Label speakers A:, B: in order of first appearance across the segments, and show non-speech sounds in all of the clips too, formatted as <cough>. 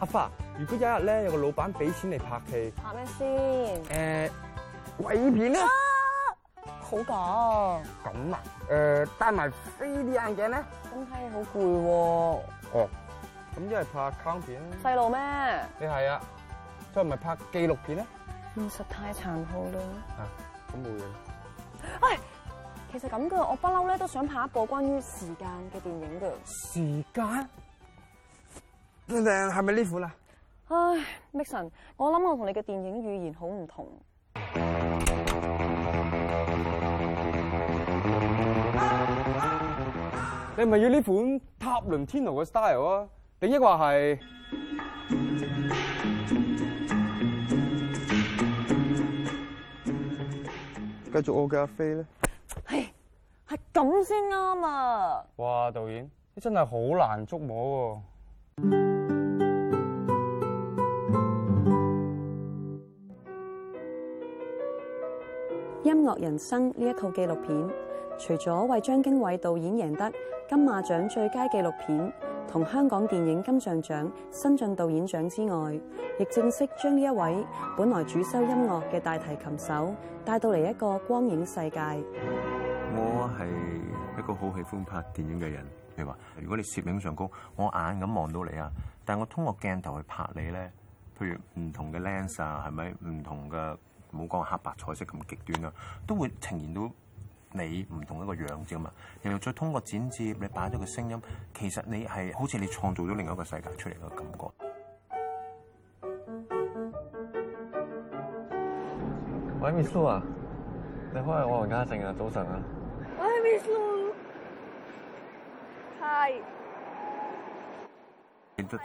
A: 阿花，
B: 如果有一日咧，有個老闆俾錢嚟拍戲，
C: 拍咩先？
B: 誒，鬼片啊！
D: 好噃。
B: 咁啊？誒，戴埋呢啲眼鏡咧？
D: 咁睇好
B: 攰喎。哦，咁一係拍卡通片咧？細路
D: 咩？
B: 你係啊，再唔係拍紀錄片咧？
D: 現實太殘酷啦。啊，
B: 咁冇嘢。喂，
D: 其實咁噶，我不嬲咧都想拍一部關於時間嘅電影噶。時間？
B: 係咪呢款啊？
D: 唉，Mixon，我諗我同你嘅電影語言好唔同。你
B: 係咪要呢款《塔倫天奴》嘅 style 啊？定抑或係？
A: 繼續我嘅阿飛咧？
D: 嘿，係咁先啱啊！
A: 哇，
B: 導演，你真係好難捉摸喎，啊。
D: 《音樂人生》呢一套紀錄片，除咗為張經緯導演贏得金馬獎最佳紀錄片同香港電影金像獎新晉導演獎之外，亦正式將呢一位本來主修音樂嘅大提琴手，帶到嚟一個光影世界。
E: 我係一個好喜歡拍電影嘅人，譬如話，如果你攝影上高，我眼咁望到你啊，但係我通過鏡頭去拍你咧，譬如唔同嘅 lens 啊，係咪唔同嘅？唔好講黑白彩色咁極端啦，都會呈現到你唔同一個樣子嘛。然後再通過剪接，你擺咗個聲音，其實你係好似你創造咗另一個世界出嚟嘅感覺。喂，Miss Lou 啊，你好啊，我係黃家正啊，早晨啊。喂
D: ，Miss
E: Lou，hi。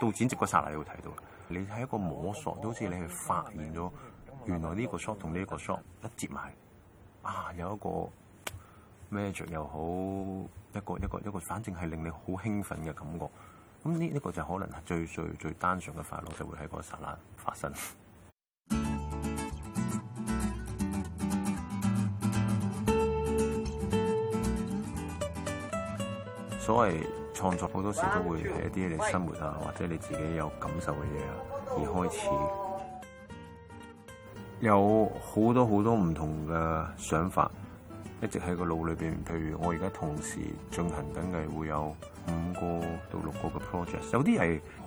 E: 到剪接嗰霎那，你會睇到你係一個摸索，都好似你係發現咗。原來呢個 shot 同呢一個 shot 一接埋，啊有一個咩着又好，一個一個一個，反正係令你好興奮嘅感覺。咁呢呢個就可能係最最最單純嘅快樂，就會喺個剎那發生。 <music> 所謂創作好多時都會係一啲你生活啊，或者你自己有感受嘅嘢啊 <music> 而開始。有好多好多唔同嘅想法，一直喺個腦裏邊。譬如我而家同時進行緊嘅會有五個到六個 project，有啲係好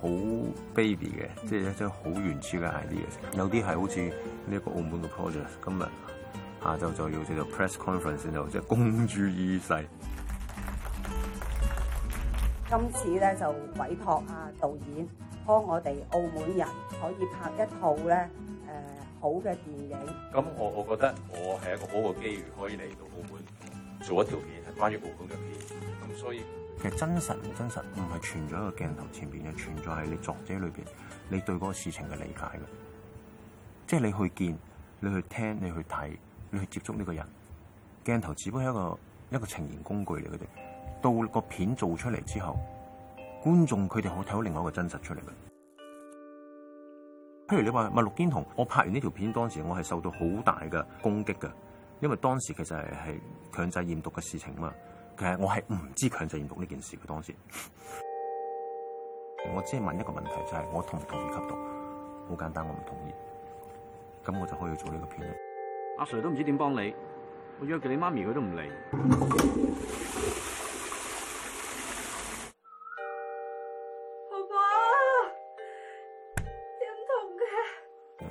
E: baby 嘅、嗯，即係一啲好原始嘅 idea。有啲係好似呢個澳門嘅 project，今日下晝就要做 press conference，就即係公諸於世。今次咧就委託啊導
D: 演，幫我哋澳門人可以拍一套咧，
E: 好嘅電影，咁我我覺得我係一個好嘅機遇，可以嚟到澳門做一條片,片，係關於澳門嘅片。咁所以其實真實唔真實，唔係存在一個鏡頭前面嘅，存在係你作者裏面，你對嗰個事情嘅理解嘅。即係你去見，你去聽，你去睇，你去接觸呢個人，鏡頭只不過係一個一個呈現工具嚟嘅啫。到個片做出嚟之後，觀眾佢哋可睇到另外一個真實出嚟嘅。譬如你話，咪陸堅同，我拍完呢條片，當時我係受到好大嘅攻擊嘅，因為當時其實係係強制驗毒嘅事情嘛，其實我係唔知強制驗毒呢件事佢，當時，我只係問一個問題，就係、是、我同唔同意吸毒？好簡單，我唔同意，咁我就可以做呢個片。阿 Sir 都唔知點幫你，我約你媽咪，佢都唔嚟。 <laughs>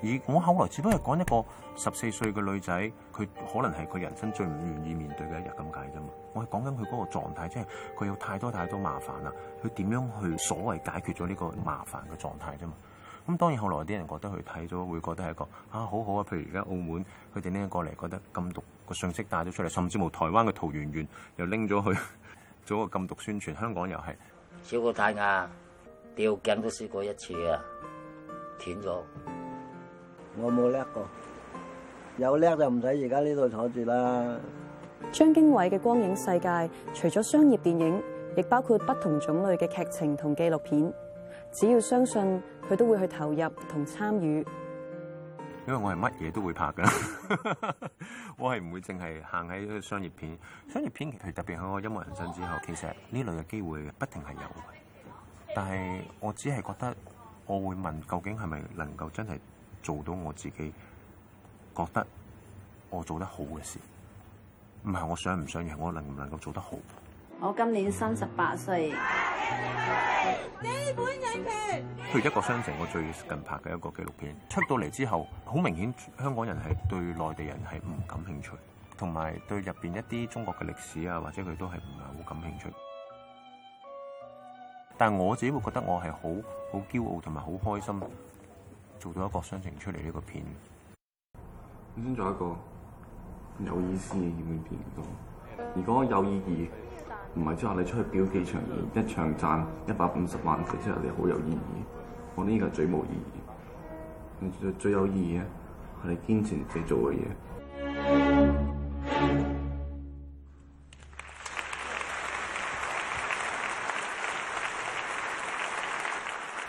E: 而我後來只不過講一個十四歲嘅女仔，佢可能係佢人生最唔願意面對嘅一日咁解啫嘛。我係講緊佢嗰個狀態，即係佢有太多太多麻煩啦。佢點樣去所謂解決咗呢個麻煩嘅狀態啫嘛？咁當然後來啲人覺得佢睇咗會覺得係一個啊好好啊。譬如而家澳門佢哋拎過嚟，覺得禁毒個信息帶咗出嚟，甚至冇台灣嘅桃園縣又拎咗去做個禁毒宣傳，香港又係少過太牙，吊頸都試過一次啊，斷咗。我冇叻過，有叻就唔使而家呢度坐住啦。
D: 張經緯嘅光影世界，除咗商業電影，亦包括不同種類嘅劇情同紀錄片。只要相信佢，都會去投入同參與。
E: 因為我係乜嘢都會拍㗎，我係唔會淨係行喺商業片。商業片其實特別喺我音樂人生之後，其實呢類嘅機會不停係有，但係我只係覺得我會問，究竟係咪能夠真係？做到我自己覺得我做得好嘅事，唔係我想唔想贏，我能唔能夠做得好。
D: 我今年三十八
B: 歲，你本人片，譬
E: 如一個商城，我最近拍嘅一個紀錄片出到嚟之後，好明顯香港人係對內地人係唔感興趣，同埋對入邊一啲中國嘅歷史啊，或者佢都係唔係好感興趣。但係我自己會覺得我係好好驕傲同埋好開心。做到一個商情出嚟呢個片，先做一個有意思嘅片。如果有意義，唔係即係你出去表幾場演，一場賺一百五十萬，其實你好有意義。我呢個最冇意義。最有意義咧，係你堅持自己做嘅嘢。嗯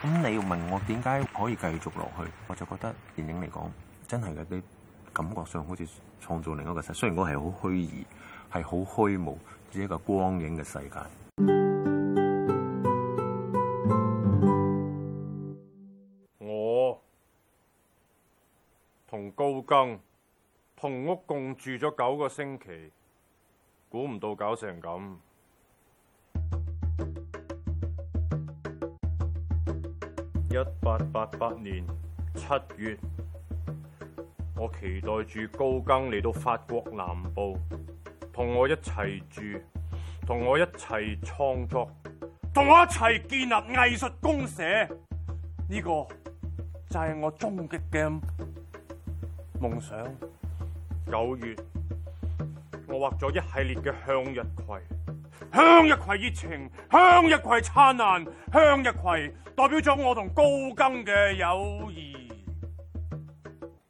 E: 咁你要問我點解可以繼續落去？我就覺得電影嚟講，真係有啲感覺上好似創造另一個世界，雖然我係好虛擬，係好虛無，只一個光影嘅世界。
B: 我同高更同屋共住咗九個星期，估唔到搞成咁。一八八八年七月，我期待住高更嚟到法國南部，同我一齊住，同我一齊創作，同我一齊建立藝術公社。呢個就係我終極嘅夢想。九月，我畫咗一系列嘅向日葵。向日葵熱情，向日葵燦爛，向日葵代表咗我同高更嘅友誼。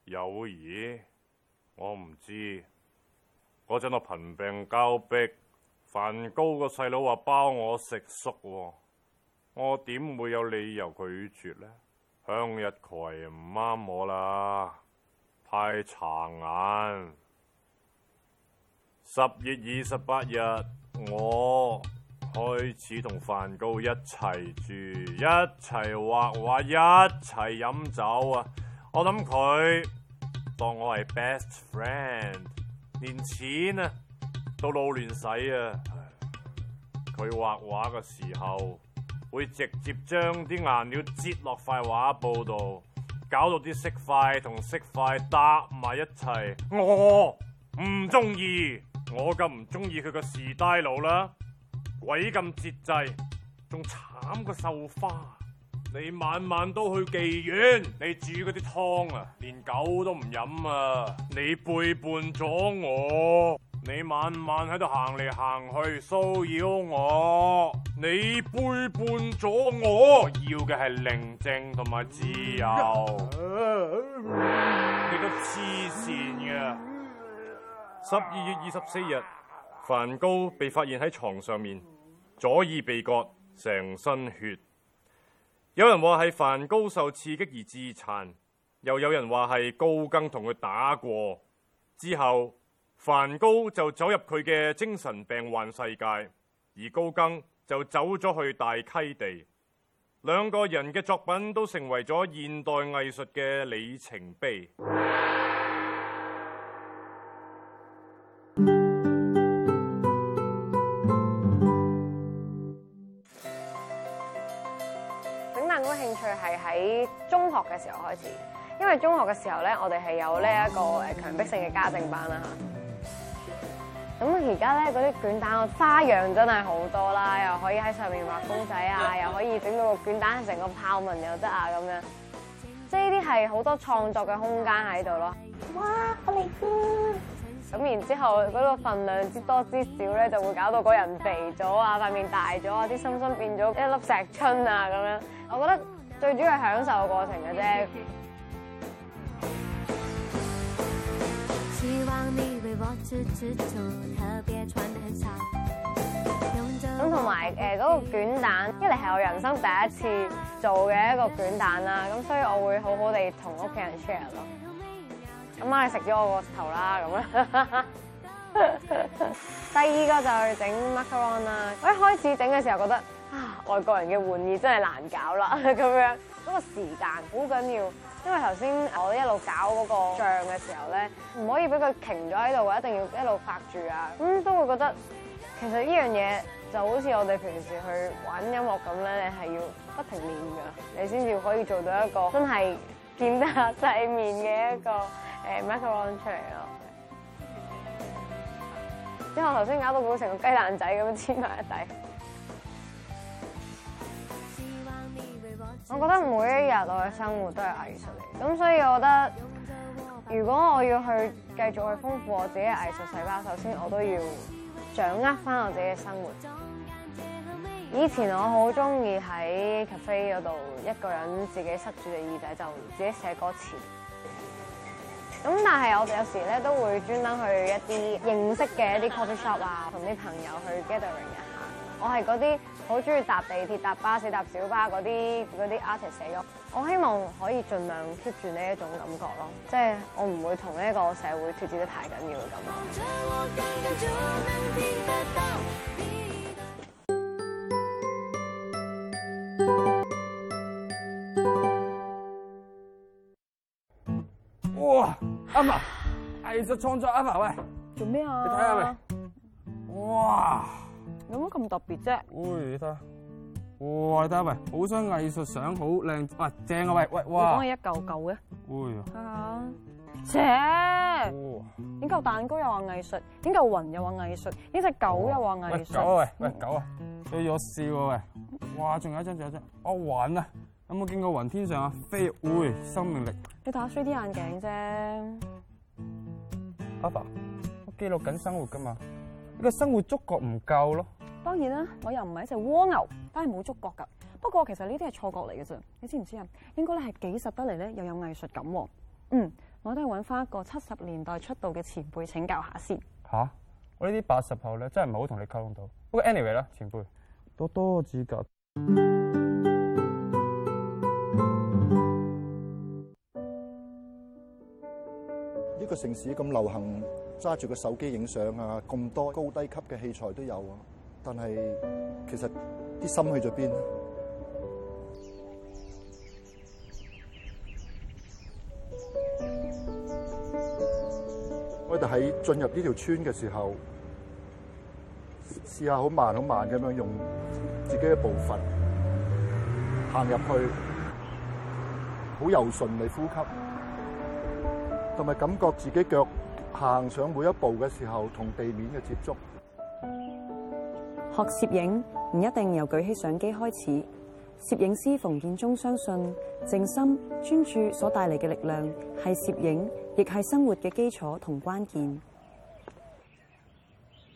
B: 友誼，我唔知。嗰陣我貧病交迫，梵高個細佬話包我食宿，我點會有理由拒絕呢？向日葵唔啱我啦，太殘眼。十月二十八日。我開始同梵高一齊住，一齊畫畫，一齊飲酒啊！我諗佢當我係 best friend，連錢啊都老亂使啊！佢畫畫嘅時候會直接將啲顏料擠落塊畫布度，搞到啲色塊同色塊搭埋一齊，我唔中意。我咁唔中意佢個時代佬啦，鬼咁節制，仲慘過繡花，你晚晚都去妓院，你煮嗰啲湯啊，連狗都唔飲啊，你背叛咗我，你晚晚喺度行嚟行去騷擾我，你背叛咗我，我要嘅係寧靜同埋自由，
C: 啊、
B: 你都痴線嘅。十二月二十四日，梵高被發現喺床上面，左耳被割，成身血。有人話係梵高受刺激而自殘，又有人話係高更同佢打過。之後，梵高就走入佢嘅精神病患世界，而高更就走咗去大溪地。兩個人嘅作品都成為咗現代藝術嘅里程碑。
C: 喺中學嘅時候開始，因為中學嘅時候咧，我哋係有呢一個誒強迫性嘅家政班啦。吓。咁而家咧，嗰啲捲蛋嘅花樣真係好多啦，又可以喺上面畫公仔啊，又可以整到個捲蛋成個豹紋又得啊，咁樣。即係呢啲係好多創作嘅空間喺度咯。哇！我哋咁然之後嗰個份量之多之少咧，就會搞到個人肥咗啊，塊面大咗啊，啲心心變咗一粒石春啊，咁樣。我覺得。最主要係享受過程嘅啫。咁同埋誒嗰個捲蛋，一嚟係我人生第一次做嘅一個卷蛋啦。咁所以我會好好地同屋企人 share 咯。咁媽你食咗我個頭啦咁啦。樣第二個就係整 Macaron 啦。我一開始整嘅時候覺得，外國人嘅玩意真係難搞啦，咁樣嗰個時間好緊要，因為頭先我一路搞嗰個醬嘅時候咧，唔可以俾佢停咗喺度，一定要一路拍住啊！咁都會覺得其實呢樣嘢就好似我哋平時去玩音樂咁咧，你係要不停練㗎，你先至可以做到一個真係見得世面嘅一個誒 macaron 出嚟咯。之後頭先搞到變成個雞蛋仔咁樣黐埋一底。我覺得每一日我嘅生活都係藝術嚟，咁所以我覺得如果我要去繼續去豐富我自己嘅藝術細胞，首先我都要掌握返我自己嘅生活。以前我好鍾意喺 cafe 嗰度一個人自己塞住對耳仔就自己寫歌詞，咁但係我有時咧都會專登去一啲認識嘅一啲 coffee shop 啊，同啲朋友去 gathering 一下。我係嗰啲。好中意搭地鐵、搭巴士、搭小巴嗰啲嗰啲 artist 社區，我希望可以盡量 keep 住呢一種感覺咯，即係我唔會同呢一個社會脱節得太緊要嘅感覺我更加。
B: 哇！阿嫲，係做創作阿嫲喂，做咩啊！你睇下喂，
D: 哇！有冇咁特別啫？喂，
B: 你睇，哇，睇下喂，好想藝術相，好靚，喂，正啊喂，喂，哇！你講嘢一嚿嚿嘅？喂，睇下，
D: 正，點嚿蛋糕又話藝術？點嚿雲又話藝術？點隻狗又話藝術？喂，
B: 狗啊喂，喂，狗啊，對住我笑喂，哇，仲有一張，仲有一張，我雲啊，有冇見過雲天上啊飛，喂，生命力。
D: 你睇下衰啲眼鏡啫。
B: 阿爸，我記錄緊生活噶嘛？呢個生活觸覺唔夠咯。
D: 當然啦，我又唔係一隻蝸牛，但係冇觸覺噶。不過其實呢啲係錯覺嚟嘅啫，你知唔知啊？應該咧係幾十得嚟咧，又有藝術感喎。嗯，我都係揾翻一個七十年代出道嘅前輩請教下先。
B: 吓？我這些呢啲八十後咧，真係唔好同你溝通到。不過 anyway 啦，前輩，多多指教。呢、這
A: 個城市咁流行揸住個手機影相啊，咁多高低級嘅器材都有啊。但係，其實啲心去咗邊？我哋喺進入呢條村嘅時候，試下好慢、好慢咁樣用自己嘅步伐行入去，好柔順嚟呼吸，同埋感覺自己腳行上每一步嘅時候，同地面嘅接觸。
D: 學攝影唔一定由舉起相機開始。攝影師馮建中相信，靜心專注所帶嚟嘅力量係攝影，亦係生活嘅基礎同關鍵。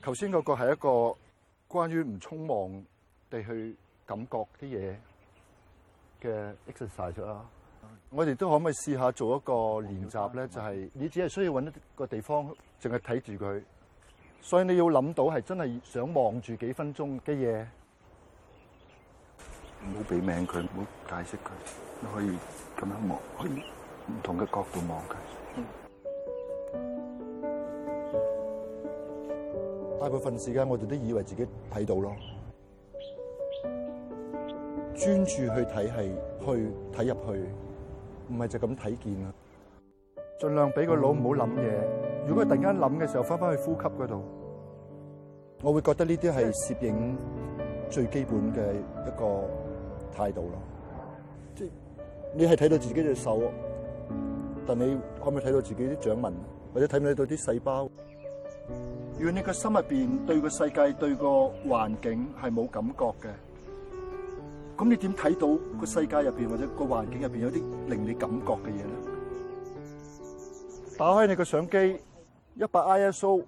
A: 頭先嗰個係一個關於唔匆忙地去感覺啲嘢嘅 exercise 啦。我哋都可唔可以試下做一個練習咧？就係、是、你只係需要揾一個地方，淨係睇住佢。所以你要諗到係真係想望住幾分鐘嘅嘢，唔好俾名佢，唔好解釋佢，你可以咁樣望，可以唔同嘅角度望佢。大部分時間我哋都以為自己睇到咯，專注去睇係去睇入去，唔係就咁睇見啊！盡量俾個腦唔好諗嘢。如果突然間諗嘅時候，翻翻去呼吸嗰度，我會覺得呢啲係攝影最基本嘅一個態度咯。即係你係睇到自己隻手，但你可唔可以睇到自己啲掌紋，或者睇唔睇到啲細胞？如果你個心入邊對個世界、對個環境係冇感覺嘅，咁你點睇到個世界入邊或者個環境入邊有啲令你感覺嘅嘢咧？打開你個相機。一百 ISO，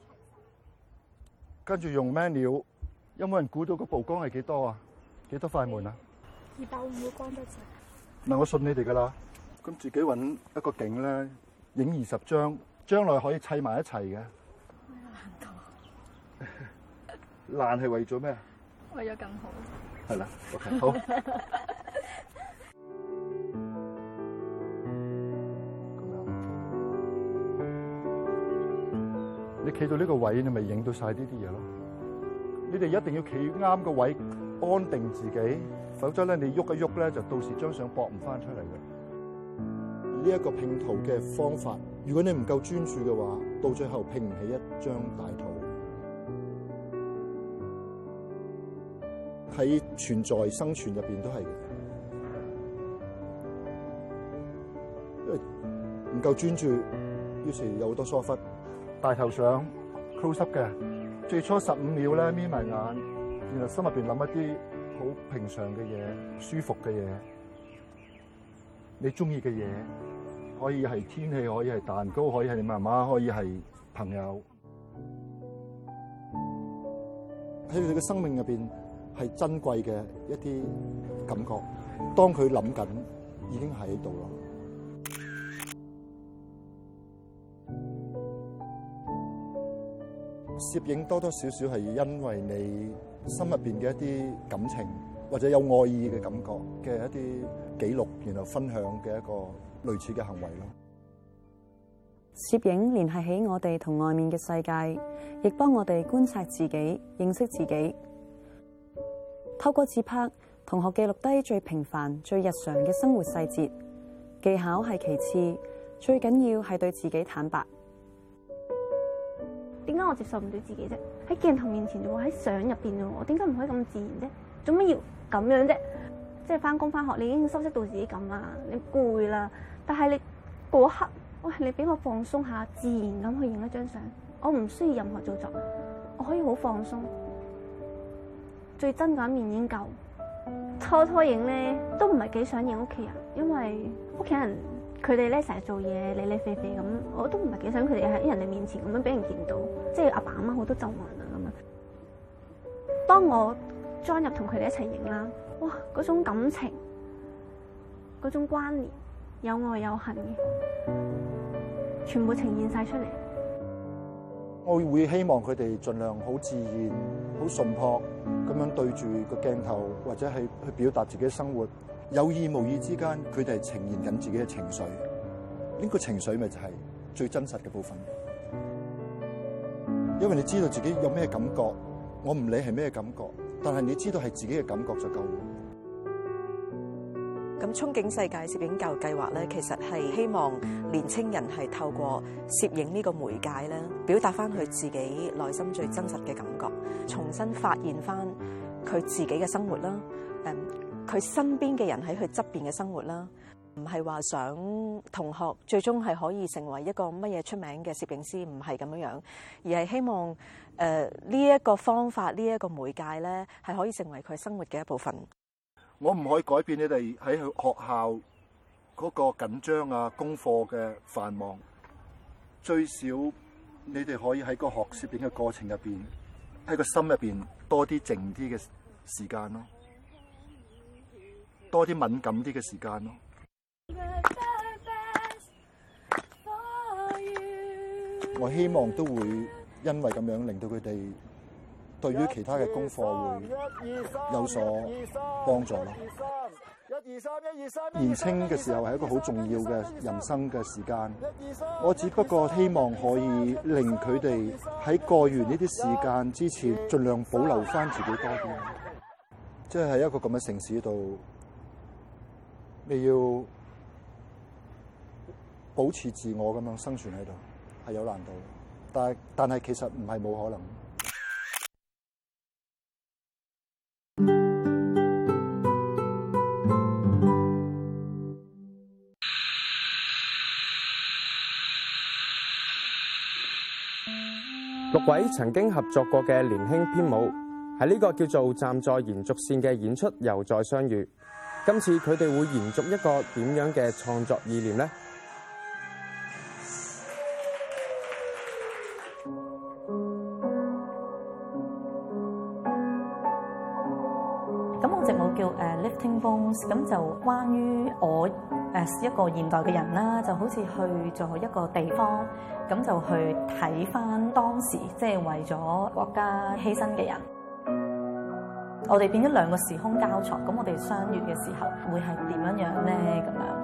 A: 跟住用 manual，有冇人估到那個曝光係幾多啊？幾多快門啊？
C: 二百五,五光得滯。
A: 嗱，我信你哋噶啦，咁自己搵一個景咧，影二十張，將來可以砌埋一齊嘅。
D: 難
A: 到？爛 <laughs> 係為咗咩啊？
D: 為咗更
A: 好。係啦，okay, 好。 <laughs> 企到呢個位，你咪影到晒呢啲嘢咯。你哋一定要企啱個位，安定自己，否則咧你喐一喐咧，就到時張相駁唔返出嚟嘅。呢一個拼圖嘅方法，如果你唔夠專注嘅話，到最後拼唔起一張大圖。喺存在生存入邊都係嘅，因為唔夠專注，於是有好多疏忽。大頭相 close up 嘅，最初十五秒咧眯埋眼，然後心入邊諗一啲好平常嘅嘢、舒服嘅嘢、你中意嘅嘢，可以係天氣，可以係蛋糕，可以係你媽媽，可以係朋友，喺你嘅生命入邊係珍貴嘅一啲感覺。當佢諗緊，已經喺度啦。攝影多多少少係因為你心入邊嘅一啲感情，或者有愛意嘅感覺嘅一啲記錄，然後分享嘅一個類似嘅行為咯。
D: 攝影聯繫起我哋同外面嘅世界，亦幫我哋觀察自己、認識自己。透過自拍，同學記錄低最平凡、最日常嘅生活細節。技巧係其次，最緊要係對自己坦白。點解我接受唔到自己啫？喺鏡頭面前就喎，喺相入邊啫喎，我點解唔可以咁自然啫？做乜要咁樣啫？即係翻工翻學，你已經收拾到自己咁啦，你攰啦。但係你嗰刻，喂、哎，你俾我放鬆下，自然咁去影一張相，我唔需要任何做作，我可以好放鬆。最真嘅一面已經夠，初初影咧都唔係幾想影屋企人，因為屋企人。佢哋咧成日做嘢，理理費費咁，我都唔係幾想佢哋喺人哋面前咁樣俾人見到，即係阿爸阿媽好多皺紋啊咁樣。當我裝入同佢哋一齊影啦，哇，嗰種感情、嗰種關聯，有愛有恨嘅，全部呈現晒出嚟。
A: 我會希望佢哋盡量好自然、好純樸咁樣對住個鏡頭，或者係去表達自己生活。有意無意之間，佢哋係呈現緊自己嘅情緒，呢個情緒咪就係最真實嘅部分。因為你知道自己有咩感覺，我唔理係咩感覺，但係你知道係自己嘅感覺就夠。
D: 咁憧憬世界攝影教育計劃咧，其實係希望年青人係透過攝影呢個媒介咧，表達翻佢自己內心最真實嘅感覺，重新發現翻佢自己嘅生活啦，誒。佢身邊嘅人喺佢側邊嘅生活啦，唔係話想同學最終係可以成為一個乜嘢出名嘅攝影師，唔係咁樣樣，而係希望誒呢一個方法、呢一個媒介咧，係可以成為佢生活嘅一部分。
A: 我唔可以改變你哋喺學校嗰個緊張啊、功課嘅繁忙，最少你哋可以喺個學攝影嘅過程入邊，喺個心入邊多啲靜啲嘅時間咯。多啲敏感啲嘅時間咯。我希望都會因為咁樣令到佢哋對於其他嘅功課會有所幫助咯。年青嘅時候係一個好重要嘅人生嘅時間。我只不過希望可以令佢哋喺過完呢啲時間之前，盡量保留翻自己多啲。即係喺一個咁嘅城市度。你要保持自我咁樣生存喺度，係有難度的，但係但係其實唔係冇可能。六
B: 位曾經合作過嘅年輕編舞，喺呢個叫做《站在延續線》嘅演出，又再相遇。今次佢哋會延續一個點樣嘅創作意念咧？
D: 咁我隻舞叫誒 Lifting Bones，咁就關於我誒一個現代嘅人啦，就好似去咗一個地方，咁就去睇返當時即係為咗國家犧牲嘅人。我哋變咗兩個時空交錯，咁我哋相遇嘅時候會係點樣樣咧？咁樣，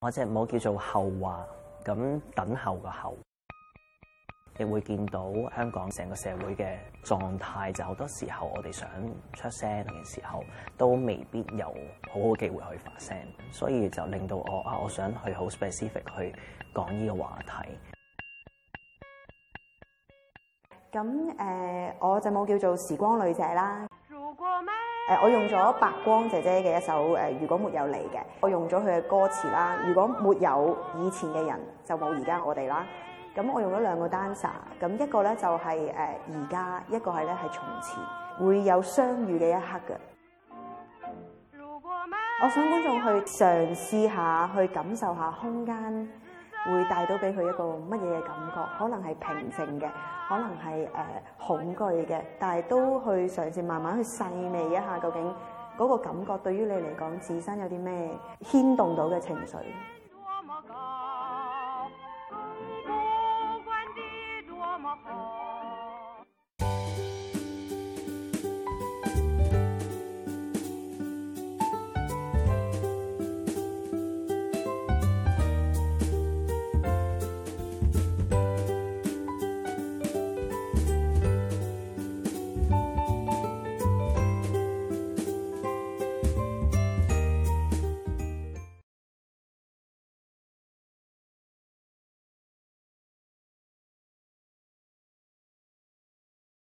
D: 我隻唔好叫做後話，咁等候個後，你會見到香港成個社會嘅狀態。就好多時候，我哋想出聲嘅時候，都未必有好好機會去發聲，所以就令到我啊，我想去好 specific 去講呢個話題。咁誒、呃，我就冇叫做《時光女仔》啦。誒、呃，我用咗白光姐姐嘅一首誒、呃《如果沒有你》嘅，我用咗佢嘅歌詞啦。如果沒有以前嘅人，就冇而家我哋啦。咁我用咗兩個 dancer，咁一個咧就係誒而家，一個係咧係從前，會有相遇嘅一刻嘅。我想觀眾去嘗試下去感受下空間。會帶到俾佢一個乜嘢嘅感覺？可能係平靜嘅，可能係、呃、恐懼嘅，但係都去嘗試慢慢去細味一下，究竟嗰個感覺對於你嚟講，自身有啲咩牽動到嘅情緒？